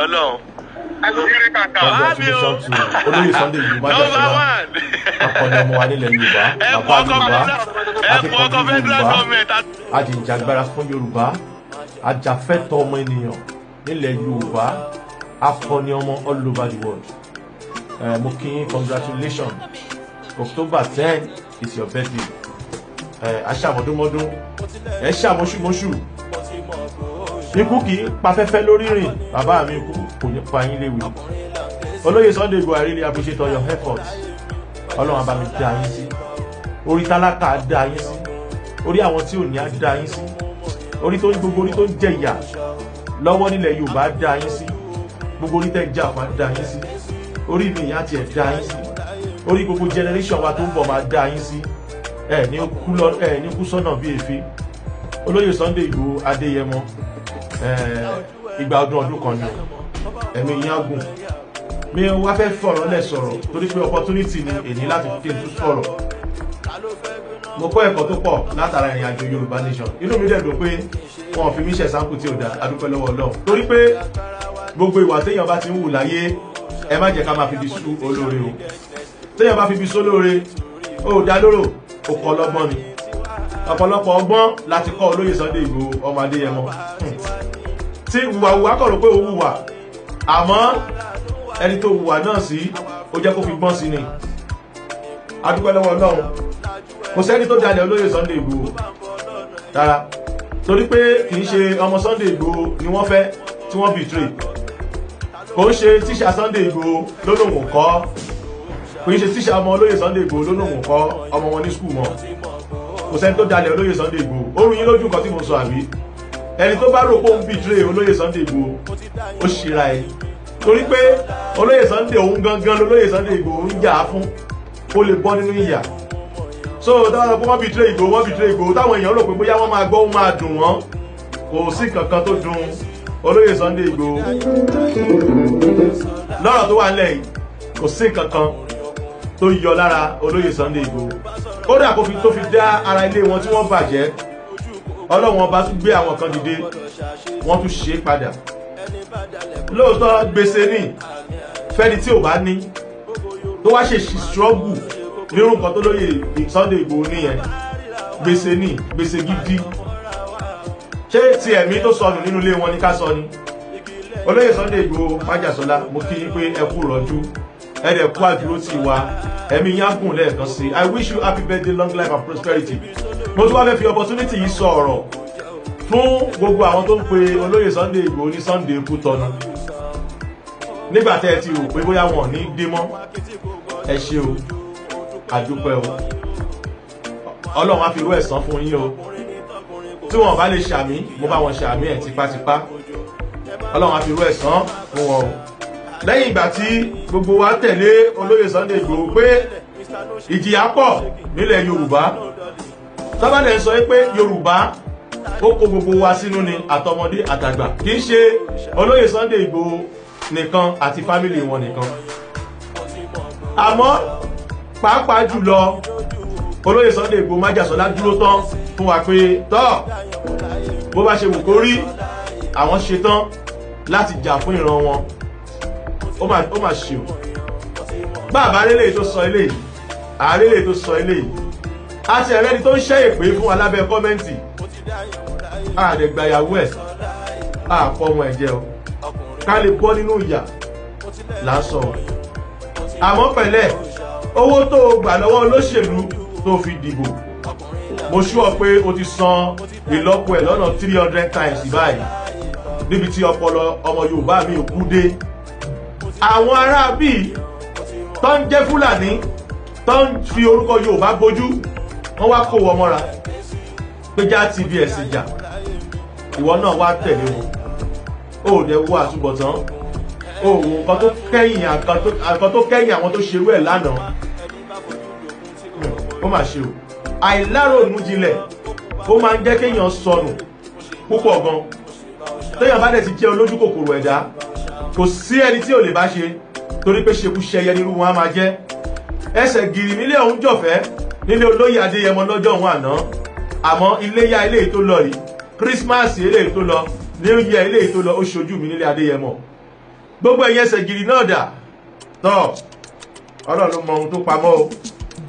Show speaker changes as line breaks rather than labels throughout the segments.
Hello. àṣírí kàkà. mi o olóyè Sunday Igboho Ajásọlá akọni ọmọ wa nílẹ̀ Yorùbá bàbá Yorùbá akẹ́kọ̀ọ́ Yorùbá ajìjàgbara fún Yorùbá ajàfẹ́tọ̀ ọmọ ènìyàn nílẹ̀ Yorùbá akọni ọmọ all over the world mo kí yín congratulations October ten is your birthday ẹ aṣàmọdúnmọdún ẹ ṣàmọṣúmọṣù ikú kì í pafẹ́fẹ́ lórí rìn bàbá mi kú kò ní pa yín léwu olóyè Sunday Buhari ni appreciate all your effort ọlọ́run abami dá yín sí orí tálákà dá yín sí orí àwọn tí ò ní á dá yín sí orí tó ń gbogbo orí tó ń jẹ ìyà lọ́wọ́ nílẹ̀ Yorùbá dá yín sí gbogbo orí tẹ́ ń jẹ àpá dá yín sí orí mi ìyá tiẹ̀ dá yín sí orí gbogbo generation wa tó ń bọ̀ máa dá yín sí ẹ̀ ní kú sọ́nà bíi èéfín olóyè Sunday Igboho Adéyẹmọ Eh, ìgbà ọdún ọdún kan ni ẹ̀mí yín á gùn mi wá fẹ́ fọ̀rọ̀ lẹ̀ sọ̀rọ̀ torí pé opportunity ni èyí láti fi tún sọ̀rọ̀ mo kọ́ ẹ̀kọ́ tó pọ̀ látara ìrìn àjò Yorùbá Nation inú mi dẹ̀ pé wọn ò fi mí ṣe sáǹkù tí ò dáa a dúpẹ́ lọ́wọ́ torí pé gbogbo ìwà téèyàn bá ti ń wù láyé ẹ má jẹ́ ká máa fi bí sú olóore o téèyàn bá fi bí sú olóore ó dá lóró òkò ọlọ́gbọ́n ni ọ̀pọ̀lọpọ̀ ọgbọ́n láti kọ́ olóyè Sunday Igboho ọmọ Adéyẹmọ ṣé ìwà wùwà kọ̀rọ̀ pé ó wùwà àmọ́ ẹni tó wùwà náà sí ó jẹ́ kó fi gbọ́n sí ni adúpẹ́ lọ́wọ́ Ọlọ́run kò sẹ́ni tó jalè olóyè Sunday Igboho rárá torí pé kì ṣe ọmọ Sunday Igboho ni wọ́n fẹ́ tí wọ́n bìtìrì kò ń ṣe tíṣà Sunday Igboho lólòwò kọ́ kò ń ṣe tíṣà ọmọ olóyè Sunday Igboho lólòwò kọ́ ọmọ wọn ní skul wọn kò sẹ́ni tó jalè olóyè Sunday Igboho ó rú lójú nǹkan tí mo sọ àbí ẹni tó bá rò pé òun bìtìrè olóyè Sunday Igboho ó ṣíra ẹ torí pé olóyè Sunday òun gangan lolóyè Sunday Igboho ń jà á fún ó lè bọ́ nínú ìyà so táwọn ọkọ wọn bìtìrè Igboho wọn bìtìrè Igboho táwọn èèyàn rò pé bóyá wọn máa gbọ́ wọn máa dùn wọn kò sí kankan tó dùn olóyè Sunday Igboho lọ́rọ̀ tó wà lẹ́yìn kò sí kankan tó yọ lára olóyè Sunday Igboho kódà kó fi tó fi dá ara ilé wọn tí wọ́n bàjẹ́ ọlọ́run ọba tún gbé àwọn kan dìde wọ́n tún ṣe é padà lóòótọ́ gbèsè ní fẹ́ni tí ò bá ní tó wá ṣe ṣìṣọ́gù nírú nǹkan tó lóye Sunday Igboho nìyẹn gbèsè ní gbèsè gidi ṣé ti ẹ̀mí tó sọnù nínú ilé wọn ni ká sọ ni olóyè Sunday Igboho májàsọlá mo kí yín pé ẹ kú rọjú ẹ dẹ̀ kú àdúró tì wá ẹ̀mí yín á gùn lẹ́ẹ̀kan sí I wish you happy birthday long life and prosperity mo tún wá fẹ́ fi opportunity yìí sọ ọ̀rọ̀ fún gbogbo àwọn tó ń pe olóyè Sunday Igboho ní Sunday ikú tọ́nu nígbà tẹ́ ẹ ti rò pé bóyá wọn ò ní dé mọ́ ẹ ṣe o àdúpẹ́ o ọlọ́run á fi irú ẹ̀san fún yín o tí wọn bá lè ṣàmì mo bá wọn ṣàmì ẹ̀ tipátipá ọlọ́run á fi irú ẹ̀san fún wọn o lẹ́yìn ìgbà tí gbogbo wa tẹ̀lé olóyè Sunday Igboho pé ìjìyà pọ̀ nílẹ̀ Yorùbá tábàdẹ̀ sọ pé yorùbá ó kó gbogbo wa sínú ni àtọmọdé àtàgbà kì í ṣe olóyè Sunday Igboho nìkan àti family wọn nìkan àmọ́ pàápàá jùlọ olóyè Sunday Igboho májàsọ́lá dúró tán fún wa pé tọ́ bó bá ṣe wù kó rí àwọn ṣetán láti jà fún ìran wọn ó mà ṣe o bá àbá lélẹ̀ tó sọ eléyìí àárẹ̀ tó sọ eléyìí àti ẹ̀rẹ́ni tó ń ṣẹ́ èpè fún alábẹ́ kọ́mẹ́ǹtì àdẹ̀gbàyàwó ẹ̀ àpọ̀mọ ẹ̀jẹ̀ o ká lè bọ́ nínú ìyà lásán o àmọ́ pẹ̀lẹ́ owó tó o gbà lọ́wọ́ olóṣèlú tó fi dìbò mo ṣú ọ pé o ti san ìlọ́po ẹ̀ lọ́nà three hundred times báyìí níbi tí ọpọlọ ọmọ Yorùbá mi ò kú dé àwọn aráabí tó ń jẹ́ Fúlàní tó ń fi orúkọ Yorùbá bójú wọ́n wá kó wọ́n mọ́ra pé já tvs jà ìwọ náà wá tẹ̀lé wọn ó ò dẹ̀ wo àtúbọ̀tán ó wo nǹkan tó kẹ́yìn nǹkan tó kẹ́yìn àwọn tó ṣerú ẹ̀ lánàá ó mà ṣe o àìlárònú jinlẹ̀ ó máa ń jẹ́ kéèyàn sọnù púpọ̀ gan téèyàn bá dẹ̀ ti jẹ́ olójú kòkòrò ẹ̀dá kò sí ẹni tí ò lè bá ṣe torí pé ṣekúṣẹyẹ nírú wọn á máa jẹ́ ẹsẹ̀ gìrì nílé ọ̀hún jọ̀fẹ́ nílé olóyè adéyẹmọ lọ́jọ́ òun àná àmọ́ iléyà eléyìí tó lọ yìí kírísímàsì eléyìí tó lọ new year eléyìí tó lọ ó ṣojú mi nílé adéyẹmọ gbogbo ẹ̀yẹ ẹsẹ̀ gidi náà dà tọ́ ọlọ́run ló mọ ohun tó pamọ́ o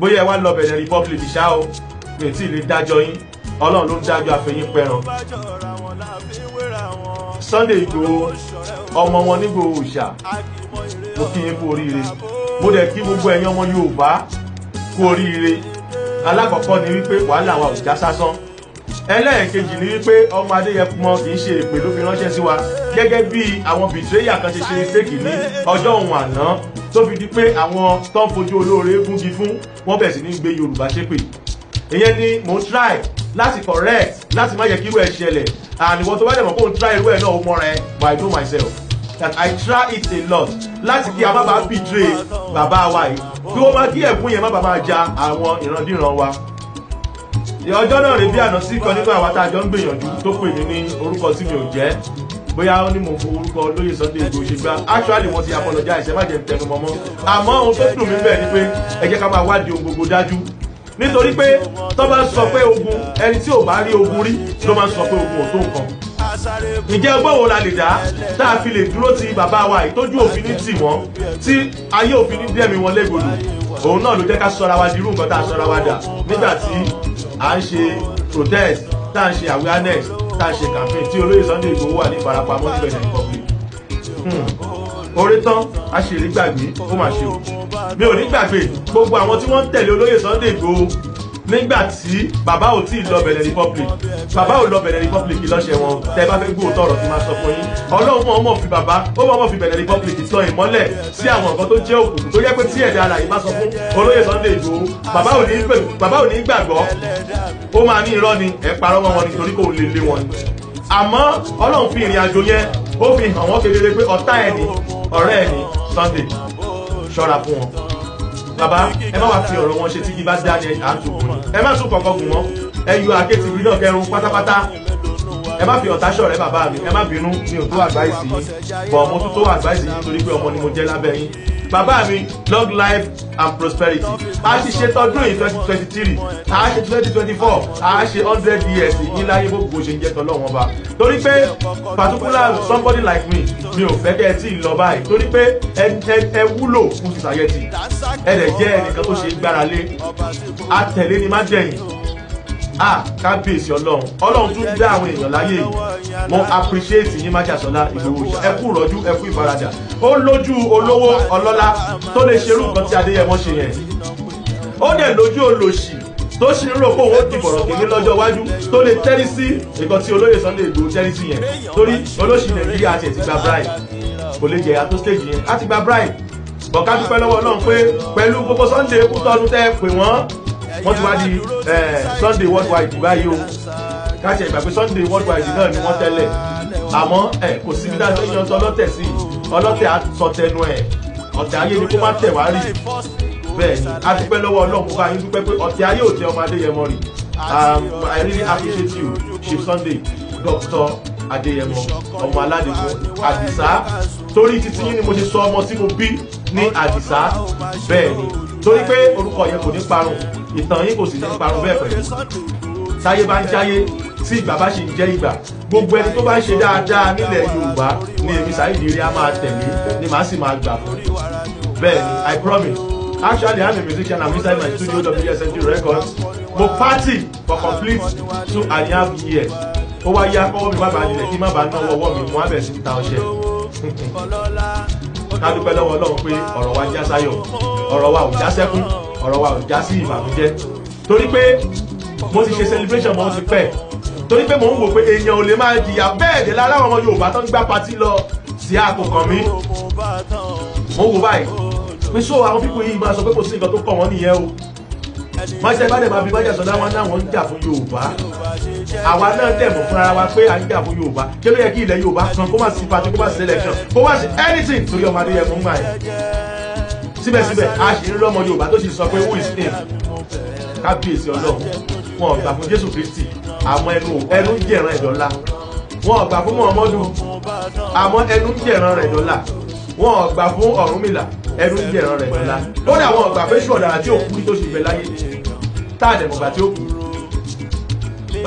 bóyá ẹ wá lọ bẹ̀rẹ̀ republic ṣá o mi tí ì dájọ́ yín ọlọ́run ló ń dájọ́ àfẹ̀yìn pẹran sunday igbòho ọmọ wọn nígbòho òòṣà mo kí yín kú oríire mo dẹ̀ kí gbogbo ẹ̀yin ọmọ yorùbá kú oríire alákọ̀ọ́kọ́ ni wípé wàhálà wa ò já sásán ẹlẹ́ẹ̀kejì ni wípé ọmọ adéyẹmọ kì í ṣe èpè ló fi ránṣẹ́ sí wa gẹ́gẹ́ bí àwọn bìtìrẹ́yà kan ṣe ṣe mistake ní ọjọ́ òun àná tó fi di pé àwọn tó ń fojú olóore gúngi fún wọ́n bẹ̀rẹ̀ sí ní gbé yorùbá ṣépè ìyẹn ni mò ń try láti correct láti má yẹ kí irú ẹ̀ ṣẹlẹ̀ àníwọ̀n tó bá dẹ̀ mọ̀ kó ń try irú ẹ̀ náà ó mọ́ra ẹ̀ but I know myself that I try it a lot láti kí a má bàa bìtìrè bàbá wa yìí kí wọ́n má kí ẹ̀kún yẹn má bàa ja àwọn ìrandíran wa. ọjọ́ náà rèé bí àná sí kan nínú àwa tá a jọ ń gbìyànjú tó pè mí ní orúkọ tí mi ò jẹ́ bóyá ó ní mo fo orúkọ olóyè Sunday Igboho ṣe gbá actually wọ́n ti apologize ẹ má jẹ́ ń tẹnu mọ́mọ́ àmọ́ ohun tó dùn mí bẹ́ẹ̀ ni pé ẹ jẹ́ ká máa wádìí ohun gbogbo dájú nítorí pé tó bá sọ pé ogun ẹni tí ò bá rí ogun rí ló máa sọ pé ogun ò tó nǹkan ǹjẹ́ ọgbọ́n wo la lè dá tá a fi lè dúró ti bàbá wa ìtọ́jú òfin ní tì wọ́n tí ayé òfin ní dẹ̀mí wọn légbodò òun náà ló jẹ́ ká sọra wa di irú nǹkan tá a sọra wa dà nígbà tí à ń ṣe protest tá à ń ṣe awareness tá à ń ṣe campaign tí olóyè Sunday Igboho wà ní ìfarapamọ́ ní Benin Republic hmm. orí tán a ṣèlérí gbàgbé ó mà ṣe o mi ò ní gbàgbé gbogbo àwọn tí wọ́n ń tẹ̀lé olóyè Sunday Igboho nígbà tí bàbá ò tí ì lọ Benin Republic bàbá ò lọ Benin Republic lọ́sẹ̀ wọn tẹ́ bá fẹ́ gbóòótọ́ ọ̀rọ̀ tí máa sọ fún yín ọlọ́run mọ̀ ọmọ fi bàbá ó mọ̀ ọmọ fi Benin Republic tọ ìmọ́lẹ̀ sí àwọn nǹkan tó jẹ́ òkùnkùn tó jẹ́ pé tí ẹ̀dá alàyè máa sọ fún olóyè Sunday Igboho bàbá ò ní pè bàbá ò ní gbàgbọ́ ó máa ní irọ́ ni ẹ̀ parọ́ mọ́ wọn nítorí kò lè lé wọn àmọ́ ọlọ́run fi ìrìn àjò Sunday ṣọ́ra fún wọn bàbá ẹ má wá fi ọ̀rọ̀ wọn ṣe tí yíba dá ní àtò ẹ má sún kankan gùn mọ́ ẹ yọ àkétì ìbílẹ̀ ọ̀kẹrun pátápátá ẹ má fi ọ̀tá ṣọ̀rẹ́ bàbá mi ẹ má bínú mi ò tó àgbáyé sí yín bọ̀ mo tún tó àgbáyé sí yín torí pé ọmọ ni mo jẹ́ lábẹ́ yín bàbá mi long life and prosperity a ti ṣe tọdún yìí twenty twenty three a ṣe twenty twenty four a ṣe hundred years ìyínlá yín bó gbogbo ṣe ń jẹ́ tọ́lọ́wọ́n bá torí pé particular somebody like me mi ò fẹ́ kẹ́ ẹ tí ì lọ báyìí torí pé ẹ wúlò fún society ẹ lè jẹ́ ẹnìkan tó ṣe gbára lé àtẹ̀lé ni má jẹ̀yìn ah kábíyèsí ọlọ́run ọlọ́run tún dá àwọn èèyàn láyé yìí mo appreciate yín má ṣàṣọlá ìgbòho ìṣá ẹ kú ìrọ́jú ẹ kú ìfaradà ó lójú olówó ọlọ́lá tó lè ṣerú nǹkan tí adéyẹmọ ṣe yẹn ó dẹ̀ lójú olòṣì tó ṣì ń rò pé òun ó di bọ̀rọ̀ kéde lọ́jọ́ iwájú tó lè tẹ́rí sí nǹkan tí olóyè Sunday Igboho tẹ́rí sí yẹn torí olóṣì nàìjíríà àti ẹ̀ ti gba bribe kò lè jẹ̀yà tó stage yẹn á ti gba bribe bọ̀ká dúpẹ́ lọ́wọ́ ọlọ́run pé pẹ̀lú gbogbo Sunday kútọ́ọdún tẹ́ pè wọ́n wọ́n ti wá di eh, Sunday worldwide báyìí o káṣẹ ìgbà pé Sunday worldwide náà ni wọ́n tẹ́lẹ̀ àmọ́ eh, kò síbi dáadé yan sọ ọlọ́tẹ̀ sí ọlọ́tẹ̀ àtọ̀tẹnu ẹ̀ ọ̀tẹ̀ ayé ni kó má tẹ̀ wá rí bẹ́ẹ̀ ni a dúpẹ́ lọ́wọ́ ọlọ́run bá yín dúpẹ́ pé ọ̀tẹ̀ ayé ò tẹ ọmọ Adéyẹmọ rí um, I really appreciate you Chief Sunday Doctor Adéyẹmọ ọmọ aládìmọ Àdìsá torí títí yín ni mo ṣe sọ ọmọ tí mo bí ní Àdìsá bẹ́ẹ̀ ni torí pé orúkọ yẹn kò ní parun ìtàn yín kò sì ní parun bẹ́ẹ̀ pẹ̀lú táyé bá ń jáyé tí ìgbà bá ṣe ń jẹ́ ìgbà gbogbo ẹni tó bá ń ṣe dáadáa nílẹ̀ Yorùbá ni èmi Saheed Ire á máa tẹ̀lé ni màá sì máa gbà fún bẹ́ẹ̀ ni I promise actually I'm a musician I'm inside my studio WSMG Records mo party for complete two and a half years ó wá yá kọ́wọ́ mi má bàa nílẹ̀ kí má bàa náwó ọwọ́ mi mo á bẹ̀rẹ̀ sí ta ọṣẹ ká dúpẹ́ lọ́wọ́ Ọlọ́run pé ọ̀rọ̀ wa já sáyọ̀ ọ̀rọ̀ wa ò já sẹ́kún ọ̀rọ̀ wa ò já sí ìbànújẹ́ torí pé mo ti ṣe celebration mo ti pẹ́ torí pé mo ń wò pé èèyàn ò lè máa jìyà bẹ́ẹ̀ dé lára àwọn ọmọ Yorùbá tó ń gbá patí lọ sí àkókò mi mo wò báyìí pé so àwọn pípọ̀ yìí máa sọ pé kò sí nǹkan tó kọ̀ wọ́n nìyẹn o máṣe ìbádẹ́ máa fi bájà sọ láwọn náà wọ́n ń jà fún Yorùbá àwa náà dẹ̀ mọ̀ fúnra wa pé à ń jà fún Yorùbá kí ló yẹ kí ilẹ̀ Yorùbá kan kó má sí patí kó má sí election kó má sí anything torí ọmọdé yẹ fún gbà yẹn síbẹ̀síbẹ̀ a ṣì ń rọ́mọ yorùbá tó sì sọ pé who is him kábíyèsí ọlọ́run wọn gbà fún jésù kristi àmọ́ ẹnu ẹnu jẹ̀ràn ẹ̀dọ́lá wọn gbà fún muhammadu àmọ́ ẹnu jẹ̀ràn rẹ̀ dọ́là wọn gbà fún ọ̀rúnmìlà ẹnu jẹ̀ràn rẹ̀ dọ́là kódà wọn gbà fún ṣùọ̀dàrà tí òkú tó ṣì bẹ láyé tá àdẹ̀mọ̀gbà tí ó kú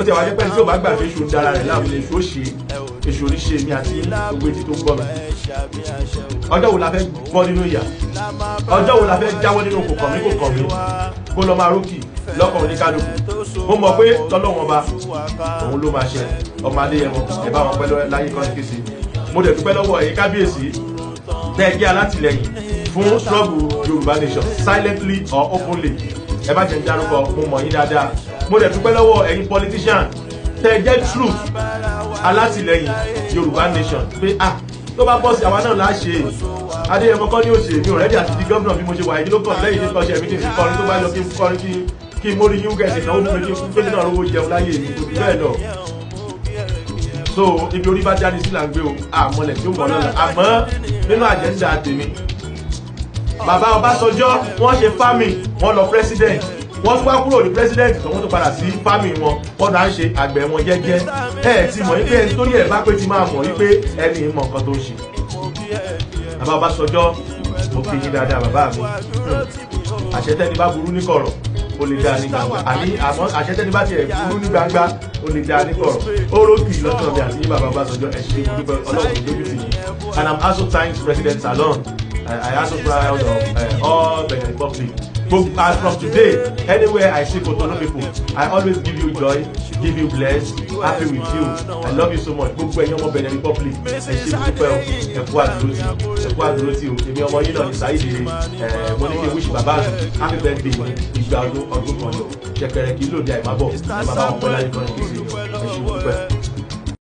ó ti wáyé pẹ́ẹ́ni tí ò bá gbà fún èṣù dára rẹ̀ láàbùlé èṣù ó ṣe èṣù oníṣe mi àti gbogbo etí tó ń gbọ́ mi ọjọ́ wo la fẹ́ bọ́ nínú ìyà ọjọ́ wo la fẹ́ jáwọ́ nínú kò kàn mí kò kó lọ́ọ́ máa rókì lọ́kàn oníkálukú mo mọ̀ pé tọ́lọ́wọ́n ba òun ló máa ṣe ọmọ adéyẹmọ ẹ bá wọn pẹ́ láyé kan ké sí mo dẹ̀ dúpẹ́ lọ́wọ́ ẹ̀yin kábíyèsí tẹ́ jẹ́ alátìlẹyìn fún ṣọ́ọ̀bù yorùbá nation silently or openly ẹ bá jẹ́ ń dárúkọ mo mọ̀ yín dáadáa mo dẹ̀ dúpẹ́ lọ́wọ́ ẹ̀yin politician tẹ́ jẹ́ truth alátìlẹyìn yorùbá nation pé ah tó bá bọ́ sí àwa náà láṣẹ adéyẹmọ kọ́ ní òṣèré mi ọ̀rẹ́dì àti di gómìnà bí mo ṣe wà yìí ló kàn lẹ́yìn nípa ọṣẹ mi ti fi kọrin tó bá yọ kí n kọrin kí kí n mórí yín gẹ̀ẹ́sì náà ó fún mi kí n fún gómìnà owó jẹun láyé mi kò bẹ́ẹ̀ lọ. so ibi orí bá jáde sí là ń gbé o àmọ́lẹ̀ tí ó mọ̀ lọ́la àmọ́ nínú àjẹ́ńdà tèmi bàbá Ọbásanjọ́ wọ́n ṣe fámì wọ́n lọ president wọ́n tún wá kúrò ní pírẹ́sídẹ́ǹtì tó wọ́n tún padà sí fámì wọn wọ́n náà ń ṣe àgbẹ̀ wọn jẹ́jẹ́ ẹ̀ ti mọ̀ wípé ẹni tó ní ẹ̀ bá pé ti máa mọ̀ wípé ẹni mọ̀ nǹkan tó ń ṣe. bàbá Ọbásanjọ́ mo fi yín dáadáa bàbá mi àṣetẹ́ni bá burú ní kọ̀rọ̀ ó lè dáa ní gbangba àní àmọ́ àṣetẹ́ni bá tiẹ̀ burú ní gbangba ó lè dáa ní kọ̀rọ̀ ó rókì lọ́tọ̀ mi àti yín bàbá Ọbásanjọ́ ẹ̀ ṣe ìdúpẹ́ ọlọ́run lójú sí yìí and I'm also thanks President Salon I, I also proud of uh, all Benin Republic From, as from today, anywhere I see Kotono people, I always give you joy, give you bless, happy with you. I love you so much. Gbogbo ẹ̀yin ọmọ Benin Republic, ẹ ṣe dúpẹ́ o, ẹ kú àdúró tí o, ẹ kú àdúró tí o. Èmi ọmọ yín náà ní Sáyid Ire, ẹ̀ mo ní kí n wíṣì bàbá mi, happy birthday mi, ìgbà ọdún ọdún kan lọ. Ṣẹ̀kẹ̀rẹ̀ kì í lòdì àìmábọ̀, ẹ̀ bàbá wọn pẹ́ láyé kan ní ìṣèlú, ẹ ṣe dúpẹ́.